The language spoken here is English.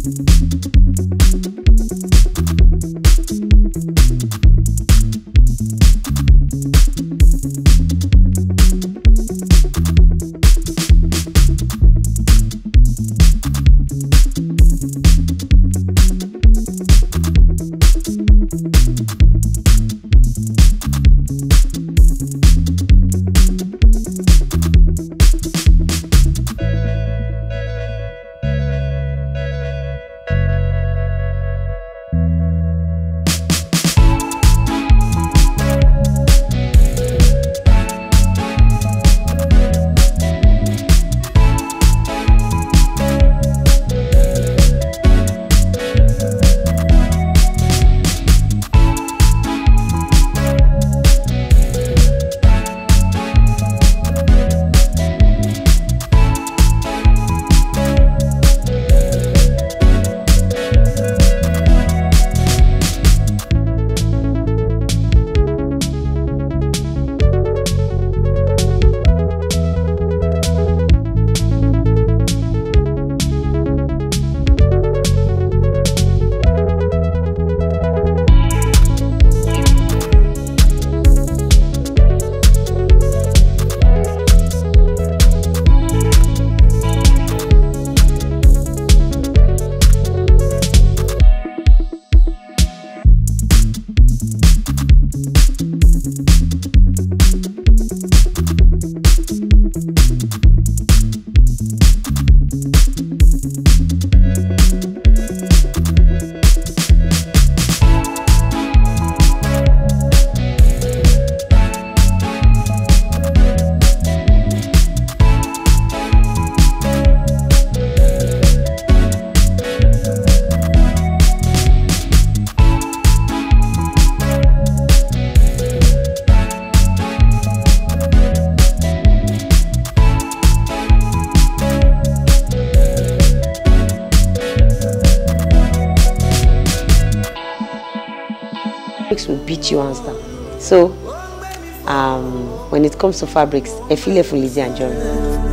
Thank you. Fabrics will beat you hands down. So, um, when it comes to fabrics, feel for Lizzie and Jory.